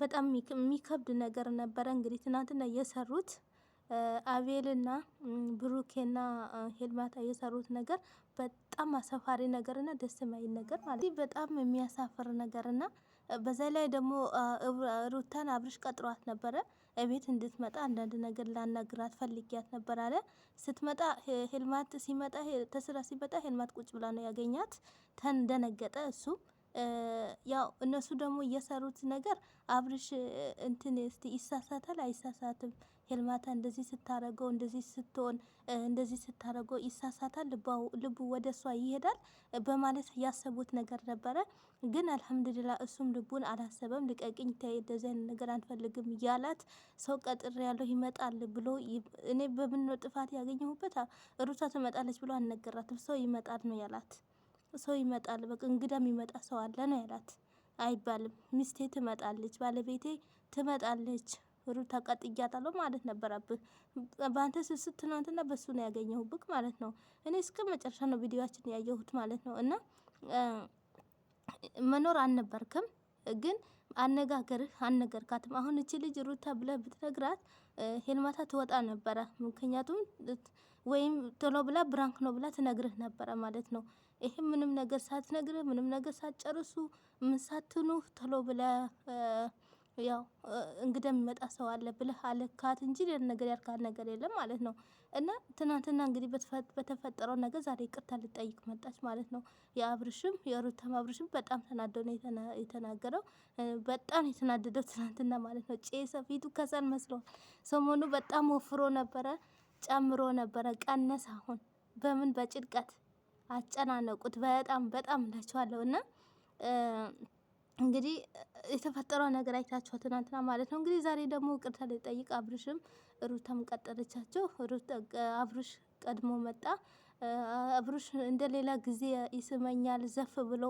በጣም የሚከብድ ነገር ነበረ። እንግዲህ ትናንትና የሰሩት አቤልና ብሩኬና ሄልማታ የሰሩት ነገር በጣም አሳፋሪ ነገርና ደስ የማይል ነገር ማለት ነው። በጣም የሚያሳፍር ነገርና በዛ ላይ ደግሞ ሩታን አብርሽ ቀጥሯት ነበረ። እቤት እንድትመጣ አንዳንድ ነገር ላናግራት ፈልጊያት ነበር አለ። ስትመጣ ሄልማት ሲመጣ ተስራ ሲመጣ ሄልማት ቁጭ ብላ ነው ያገኛት። ተንደነገጠ እሱ ያው እነሱ ደግሞ እየሰሩት ነገር አብርሽ እንትን እስቲ ይሳሳታል አይሳሳትም፣ ሄልማታ እንደዚህ ስታረገው እንደዚህ ስትሆን እንደዚህ ስታረገው ይሳሳታል፣ ልቡ ወደ እሷ ይሄዳል በማለት ያሰቡት ነገር ነበረ። ግን አልሐምዱሊላ እሱም ልቡን አላሰበም። ልቀቅኝ፣ ተይ፣ እንደዚህ አይነት ነገር አንፈልግም እያላት ሰው ቀጥር ያለው ይመጣል ብሎ እኔ በምን ነው ጥፋት ያገኘሁበት ሩታ ትመጣለች ብሎ አልነገራትም። ሰው ይመጣል ነው ያላት። ሰው ይመጣል፣ በቃ እንግዳ የሚመጣ ሰው አለ ነው ያላት። አይባልም ሚስቴ ትመጣለች፣ ባለቤቴ ትመጣለች፣ ሩታ ቀጥያታለሁ ማለት ነበረብህ። በአንተ ስስት ትናንትና በሱ ነው ያገኘሁብክ ማለት ነው። እኔ እስከ መጨረሻ ነው ቪዲዮችን ያየሁት ማለት ነው። እና መኖር አልነበርክም ግን አነጋገርህ አነገርካትም አሁን እቺ ልጅ ሩታ ብለህ ብትነግራት ሄልማታ ትወጣ ነበረ። ምክንያቱም ወይም ቶሎ ብላ ብራንክ ነው ብላ ትነግርህ ነበረ ማለት ነው። ይሄ ምንም ነገር ሳትነግር ምንም ነገር ሳትጨርሱ ምን ሳትኑ ቶሎ ብለ ያው እንግዳ የሚመጣ ሰው አለ ብለህ አለካት እንጂ ሌላ ነገር ያልካት ነገር የለም ማለት ነው። እና ትናንትና እንግዲህ በተፈጠረው ነገር ዛሬ ይቅርታ ልጠይቅ መጣች ማለት ነው። የአብርሽም የሩታም አብርሽም በጣም ተናዶ ነው የተናገረው። በጣም የተናደደው ትናንትና ማለት ነው። ጭሰ ፊቱ ከሰል መስሏል። ሰሞኑ በጣም ወፍሮ ነበረ፣ ጨምሮ ነበረ፣ ቀነሰ። አሁን በምን በጭንቀት አጨናነቁት። በጣም በጣም እላችኋለሁ እና እንግዲህ የተፈጠረው ነገር አይታችኋል ትናንትና ማለት ነው። እንግዲህ ዛሬ ደግሞ ይቅርታ ጠይቅ አብርሽም ሩታም ቀጠለቻቸው። አብርሽ ቀድሞ መጣ። አብርሽ እንደ ሌላ ጊዜ ይስመኛል፣ ዘፍ ብሎ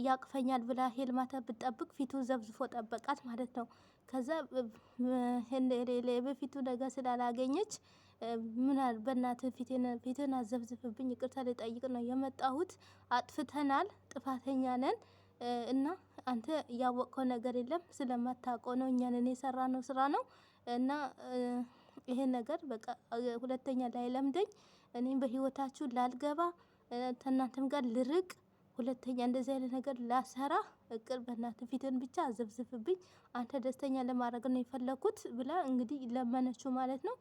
እያቅፈኛል ብላ ሄልማታ ብጠብቅ ፊቱ ዘብዝፎ ጠበቃት ማለት ነው። ከዛ በፊቱ ነገር ስላላገኘች ምናል በእናትህ ፊትህን አዘብዝፍብኝ ይቅርታ ልጠይቅ ነው የመጣሁት። አጥፍተናል፣ ጥፋተኛ ነን እና አንተ ያወቀው ነገር የለም ስለማታውቀው ነው። እኛንን የሰራ ነው ስራ ነው እና ይሄን ነገር በቃ ሁለተኛ ላይ ለምደኝ። እኔም በህይወታችሁ ላልገባ ተናንተም ጋር ልርቅ፣ ሁለተኛ እንደዚህ አይነት ነገር ላሰራ እቅር። በእናትህ ፊትን ብቻ አዘብዝፍብኝ፣ አንተ ደስተኛ ለማድረግ ነው የፈለግኩት ብላ እንግዲህ ለመነችው ማለት ነው።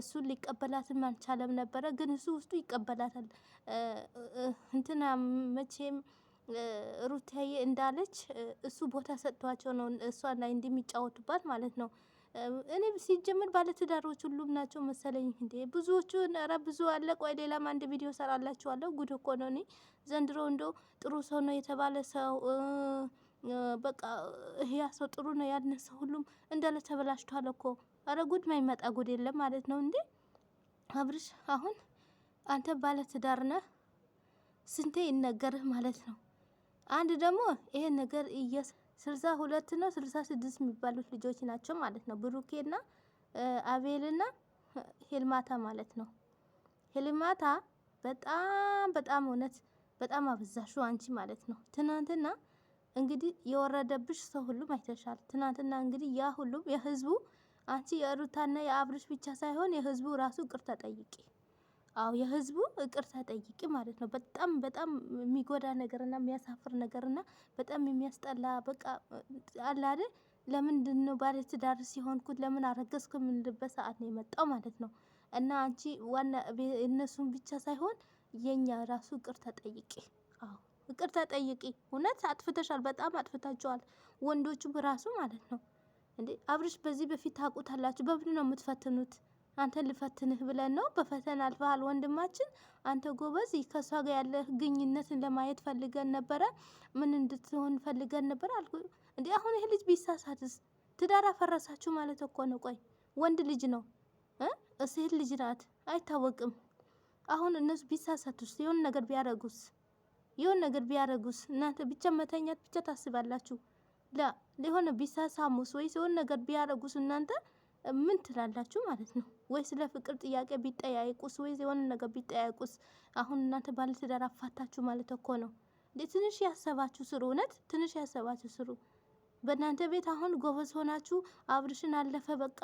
እሱን ሊቀበላትም አልቻለም ነበረ። ግን እሱ ውስጡ ይቀበላታል። እንትና መቼም ሩታዬ እንዳለች እሱ ቦታ ሰጥቷቸው ነው እሷ ላይ እንደሚጫወቱባት ማለት ነው። እኔ ሲጀምር ባለትዳሮች ሁሉም ናቸው መሰለኝ እንዴ! ብዙዎቹ ኧረ ብዙ አለ። ቆይ ሌላም አንድ ቪዲዮ ሰራላችኋለሁ። ጉድ እኮ ነው። እኔ ዘንድሮ እንደው ጥሩ ሰው ነው የተባለ ሰው በቃ ይሄ ሰው ጥሩ ነው ያልነ ሁሉም እንዳለ ተበላሽቷል እኮ ኧረ ጉድ ማይመጣ ጉድ የለም ማለት ነው እንዴ! አብርሽ አሁን አንተ ባለ ትዳር ነህ፣ ስንቴ ይነገርህ ማለት ነው። አንድ ደግሞ ይሄ ነገር እየስ ስልሳ ሁለት ነው ስልሳ ስድስት የሚባሉት ልጆች ናቸው ማለት ነው ብሩኬና አቤልና ሄልማታ ማለት ነው። ሄልማታ በጣም በጣም እውነት በጣም አበዛሹ አንቺ ማለት ነው። ትናንትና እንግዲህ የወረደብሽ ሰው ሁሉም አይተሻል። ትናንትና እንግዲህ ያ ሁሉም የህዝቡ አንቺ የሩታና የአብርሽ ብቻ ሳይሆን የህዝቡ ራሱ ይቅርታ ጠይቂ። አዎ የህዝቡ ይቅርታ ጠይቂ ማለት ነው። በጣም በጣም የሚጎዳ ነገርና የሚያሳፍር ነገርና በጣም የሚያስጠላ በቃ አለ አይደል? ለምንድን ነው ባለ ትዳር ሲሆንኩት ለምን አረገዝኩ የምንልበት ሰዓት ነው የመጣው ማለት ነው። እና አንቺ ዋና እነሱን ብቻ ሳይሆን የኛ ራሱ ይቅርታ ጠይቂ። አዎ ይቅርታ ጠይቂ። እውነት አጥፍተሻል፣ በጣም አጥፍታችኋል። ወንዶቹም ራሱ ማለት ነው እንዴ አብርሽ በዚህ በፊት ታውቁታላችሁ። በምን ነው የምትፈትኑት? አንተ ልፈትንህ ብለን ነው። በፈተና አልፈሃል ወንድማችን፣ አንተ ጎበዝ። ከእሷ ጋር ያለ ግንኙነትን ለማየት ፈልገን ነበረ። ምን እንድትሆን ፈልገን ነበረ አልኩ። እንዲ አሁን ይህ ልጅ ቢሳሳትስ? ትዳር አፈረሳችሁ ማለት እኮ ነው። ቆይ ወንድ ልጅ ነው እ ሴት ልጅ ናት፣ አይታወቅም። አሁን እነሱ ቢሳሳቱስ? የሆን ነገር ቢያረጉስ? የሆን ነገር ቢያረጉስ? እናንተ ብቻ መተኛት ብቻ ታስባላችሁ። ሊሆነ ቢሳሳሙስ ወይ የሆነ ነገር ቢያረጉስ እናንተ ምን ትላላችሁ ማለት ነው? ወይ ስለ ፍቅር ጥያቄ ቢጠያይቁስ ወይ የሆነ ነገር ቢጠያይቁስ? አሁን እናንተ ባለትዳር አፋታችሁ ማለት እኮ ነው። ትንሽ ያሰባችሁ ስሩ፣ እውነት ትንሽ ያሰባችሁ ስሩ። በእናንተ ቤት አሁን ጎበዝ ሆናችሁ አብርሽን አለፈ በቃ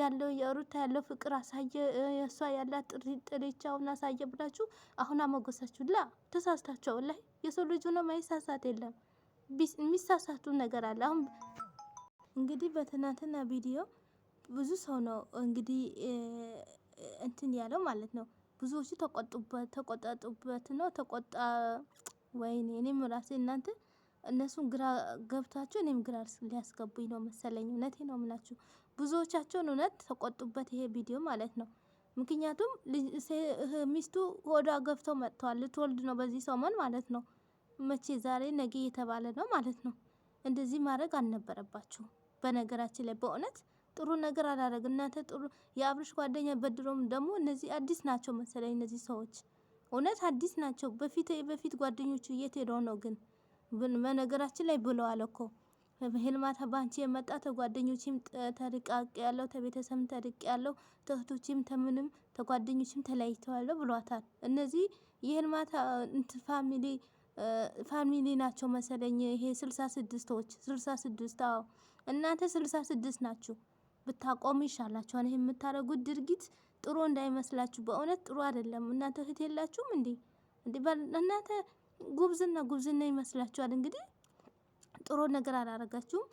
ያለው የሩታ ያለው ፍቅር አሳየ፣ የእሷ ያላት ጥሪ ጥሪቻውን አሳየ ብላችሁ አሁን አመጎሳችሁላ። ተሳስታችኋል። ላይ የሰው ልጅ ሆኖ ማይሳሳት የለም። የሚሳሳቱ ነገር አለ። አሁን እንግዲህ በትናንትና ቪዲዮ ብዙ ሰው ነው እንግዲህ እንትን ያለው ማለት ነው። ብዙዎቹ ተቆጡበት ተቆጣጡበት ነው ተቆጣ። ወይኔ እኔም ራሴ እናንተ እነሱን ግራ ገብታችሁ እኔም ግራ ሊያስገቡኝ ነው መሰለኝ። እውነቴ ነው ምላችሁ ብዙዎቻቸውን እውነት ተቆጡበት ይሄ ቪዲዮ ማለት ነው። ምክንያቱም ሚስቱ ሆዷ ገብተው መጥተዋል። ልትወልድ ነው በዚህ ሰሞን ማለት ነው። መቼ ዛሬ ነገ የተባለ ነው ማለት ነው። እንደዚህ ማድረግ አልነበረባችሁም። በነገራችን ላይ በእውነት ጥሩ ነገር አላደረግ እናንተ ጥሩ የአብርሽ ጓደኛ በድሮም ደግሞ እነዚህ አዲስ ናቸው መሰለኝ እነዚህ ሰዎች እውነት አዲስ ናቸው። በፊት በፊት ጓደኞቹ የት ሄደው ነው ግን? በነገራችን ላይ ብለዋል እኮ ህልማታ ባንቺ የመጣ ተጓደኞችም ተርቃቅ ያለው ተቤተሰብ ተርቅ ያለው ተህቶችም ተምንም ተጓደኞችም ተለያይተዋለሁ ብሏታል። እነዚህ የህልማታ ፋሚሊ ፋሚሊ ናቸው መሰለኝ። ይሄ ስልሳ ስድስቶች ስልሳ ስድስት አዎ፣ እናንተ ስልሳ ስድስት ናችሁ ብታቆሙ ይሻላችኋል። ይሄ የምታደርጉት ድርጊት ጥሩ እንዳይመስላችሁ፣ በእውነት ጥሩ አይደለም። እናንተ እህት የላችሁም እንዴ? እናንተ ጉብዝና ጉብዝና ይመስላችኋል። እንግዲህ ጥሩ ነገር አላረጋችሁም።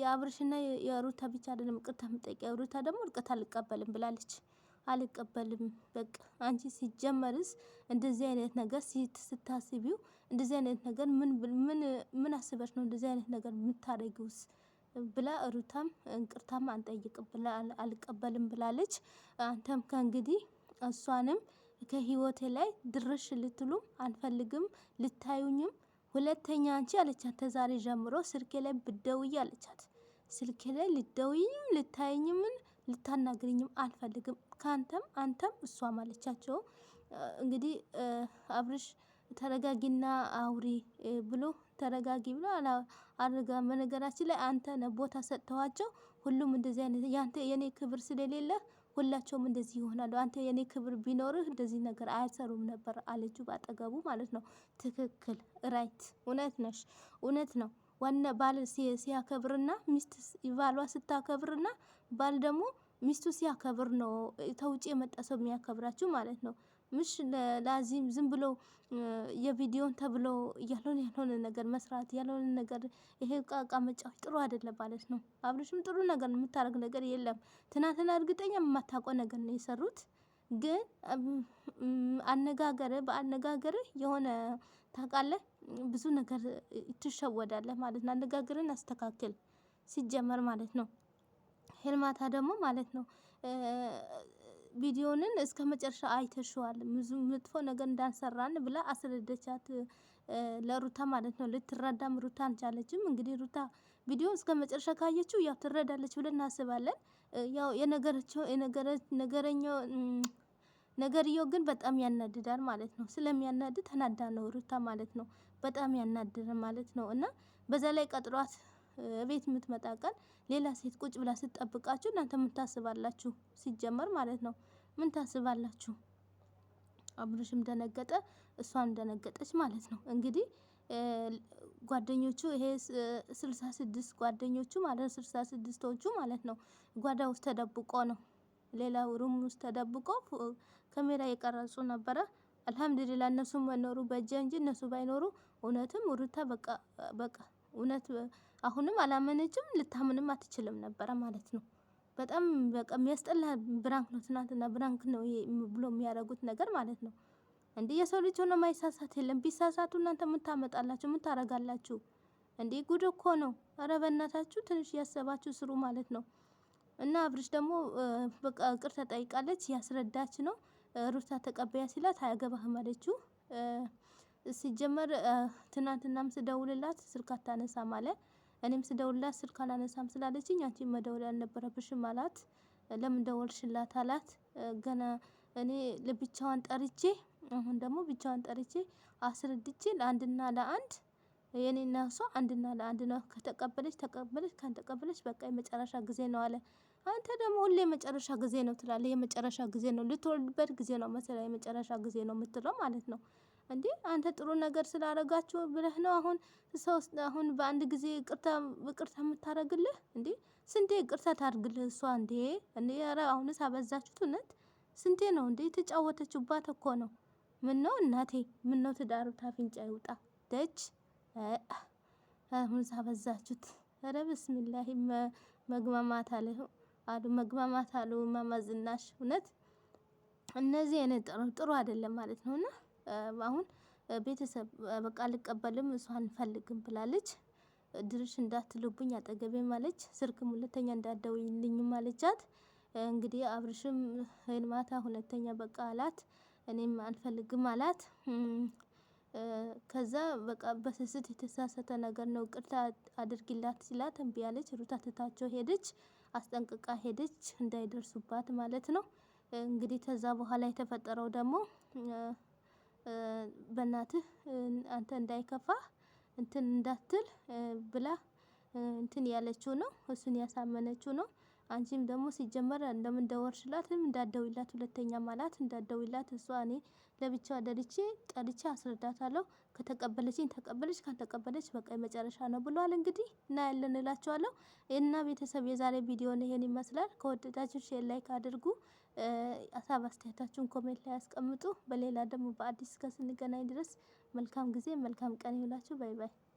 የአብርሽና የሩታ ብቻ አይደለም ይቅርታ የምጠይቀው። ሩታ ደግሞ ይቅርታ አልቀበልም ብላለች። አልቀበልም። በቃ አንቺ ሲጀመርስ እንደዚህ አይነት ነገር ስታስቢው እንደዚህ አይነት ነገር ምን ምን ምን አስበሽ ነው እንደዚህ አይነት ነገር የምታደርጊውስ? ብላ ሩታም እንቅርታም አንጠይቅም ብላ አልቀበልም ብላለች። አንተም ከእንግዲህ እሷንም ከህይወቴ ላይ ድርሽ ልትሉም አንፈልግም ልታዩኝም። ሁለተኛ አንቺ አለቻት፣ ተዛሬ ጀምሮ ስልኬ ላይ ብደውይ አለቻት። ስልኬ ላይ ልደውይም ልታይኝምን ልታናግርኝም አልፈልግም ከአንተም አንተም እሷ ማለቻቸው። እንግዲህ አብርሽ ተረጋጊና አውሪ ብሎ ተረጋጊ ብሎ አድርጋ በነገራችን ላይ አንተ ነህ ቦታ ሰጥተዋቸው ሁሉም እንደዚህ አይነት ያንተ የኔ ክብር ስለሌለ ሁላቸውም እንደዚህ ይሆናሉ። አንተ የኔ ክብር ቢኖርህ እንደዚህ ነገር አይሰሩም ነበር አለችው፣ ባጠገቡ ማለት ነው። ትክክል ራይት፣ እውነት ነሽ፣ እውነት ነው። ዋና ባል ሲያከብርና ሚስት ባሏ ስታከብርና ባል ደግሞ ሚስቱ ሲያከብር ነው ተውጭ የመጣ ሰው የሚያከብራችሁ ማለት ነው። ምሽ ለአዚም ዝም ብሎ የቪዲዮን ተብሎ ያልሆነ ያልሆነ ነገር መስራት ያልሆነ ነገር ይሄ ቃቃ መጫወት ጥሩ አይደለም ማለት ነው። አብርሽም ጥሩ ነገር የምታደርግ ነገር የለም። ትናንትና እርግጠኛ የማታውቀው ነገር ነው የሰሩት። ግን አነጋገር በአነጋገር የሆነ ታውቃለህ፣ ብዙ ነገር ትሸወዳለህ ማለት ነው። አነጋገርን አስተካክል ሲጀመር ማለት ነው። ሄልማታ ደግሞ ማለት ነው ቪዲዮንን እስከ መጨረሻ አይተሽዋል ብዙ መጥፎ ነገር እንዳንሰራን ብላ አስረደቻት ለሩታ ማለት ነው። ልትረዳም ሩታ አልቻለችም። እንግዲህ ሩታ ቪዲዮ እስከ መጨረሻ ካየችው ያው ትረዳለች ብለን እናስባለን። ያው የነገረቸው ነገረኛው ነገርየው ግን በጣም ያናድዳል ማለት ነው። ስለሚያናድድ ተናዳ ነው ሩታ ማለት ነው። በጣም ያናድድ ማለት ነው እና በዛ ላይ ቀጥሯት ቤት የምትመጣ ቀን ሌላ ሴት ቁጭ ብላ ስትጠብቃችሁ እናንተ ምን ታስባላችሁ? ሲጀመር ማለት ነው ምን ታስባላችሁ? አብርሽም ደነገጠ፣ እሷም ደነገጠች ማለት ነው። እንግዲህ ጓደኞቹ ይሄ ስልሳ ስድስት ጓደኞቹ ማለት ነው ስልሳ ስድስቶቹ ማለት ነው ጓዳ ውስጥ ተደብቆ ነው ሌላ ሩም ውስጥ ተደብቆ ካሜራ የቀረጹ ነበረ። አልሐምዱሊላ እነሱ መኖሩ በእጃ እንጂ እነሱ ባይኖሩ እውነትም ሩታ በቃ በቃ እውነት አሁንም አላመነችም፣ ልታምንም አትችልም ነበረ ማለት ነው። በጣም በቃ የሚያስጠላ ብራንክ ነው። ትናንትና ብራንክ ነው ይሄ ብሎ የሚያደርጉት ነገር ማለት ነው። እንዲህ የሰው ልጅ ሆኖ ማይሳሳት የለም። ቢሳሳቱ እናንተ ምን ታመጣላችሁ? ምን ታረጋላችሁ? እንዲህ ጉድ እኮ ነው። ኧረ በእናታችሁ ትንሽ ያሰባችሁ ስሩ ማለት ነው። እና አብርሽ ደግሞ በቃ ቅርታ ጠይቃለች፣ ያስረዳች ነው። ሩታ ተቀበያ ሲላት አያገባህም አለችው። ሲጀመር ትናንትናም ስደውልላት ስልክ አታነሳ ማለ እኔም ስደውልላት ስልክ አላነሳም ስላለችኝ አንቺ መደወል ያልነበረብሽም አላት። ለምን ደወልሽላት አላት። ገና እኔ ለብቻዋን ጠርቼ አሁን ደግሞ ብቻዋን ጠርቼ አስረድቼ ለአንድና ለአንድ የኔ የኔና እሷ አንድና ለአንድ ነው። ከተቀበለች ተቀበለች፣ ካልተቀበለች በቃ የመጨረሻ ጊዜ ነው አለ። አንተ ደግሞ ሁሌ የመጨረሻ ጊዜ ነው ትላለህ። የመጨረሻ ጊዜ ነው ልትወልድበት ጊዜ ነው መሰለህ የመጨረሻ ጊዜ ነው የምትለው ማለት ነው። እንዴ አንተ ጥሩ ነገር ስላደረጋችሁ ብለህ ነው አሁን ሰው አሁን በአንድ ጊዜ ቅርታ ቅርታ የምታደርግልህ? እንዴ ስንቴ ቅርታ ታርግልህ እሷ? እንዴ እንዴ ኧረ አሁንስ አበዛችሁት። እውነት ስንቴ ነው እንዴ? የተጫወተችባት እኮ ነው። ምን ነው እናቴ፣ ምን ነው ትዳሩ ታፍንጫ ይውጣ ደች። አሁንስ አበዛችሁት። ኧረ ብስሚላሂ መግማማት አለ አሉ መግማማት አሉ። ማማዝናሽ። እውነት እነዚህ አይነት ጥሩ አይደለም ማለት ነውና አሁን ቤተሰብ በቃ አልቀበልም እሷ አንፈልግም ብላለች። ድርሽ እንዳትልብኝ አጠገቤ ማለች። ስልክም ሁለተኛ እንዳደውልኝ ማለቻት። እንግዲህ አብርሽም ማታ ሁለተኛ በቃ አላት። እኔም አንፈልግም አላት። ከዛ በቃ በስስት የተሳሰተ ነገር ነው ቅርታ አድርጊላት ሲላት እምቢ አለች። ሩታ ትታቸው ሄደች። አስጠንቅቃ ሄደች እንዳይደርሱባት ማለት ነው። እንግዲህ ከዛ በኋላ የተፈጠረው ደግሞ በእናትህ አንተ እንዳይከፋ እንትን እንዳትል ብላ እንትን ያለችው ነው። እሱን ያሳመነችው ነው። አንቺም ደግሞ ሲጀመር ለምን ደወልሽላትም እንዳደውላት ሁለተኛ ማላት እንዳደውላት እሷ እኔ ለብቻዋ ደርቼ ጠርቼ አስረዳታለሁ። ከተቀበለችኝ ተቀበለች፣ ካልተቀበለች በቃ የመጨረሻ ነው ብሏል። እንግዲህ ያለን እላቸዋለሁ። እና ቤተሰብ የዛሬ ቪዲዮ ይሄን ይመስላል። ከወደዳችሁ ሼር ላይክ አድርጉ። ሀሳብ አስተያየታችሁን ኮሜንት ላይ ያስቀምጡ። በሌላ ደግሞ በአዲስ እስከ ስንገናኝ ድረስ መልካም ጊዜ፣ መልካም ቀን ይሁንላችሁ። ባይ ባይ።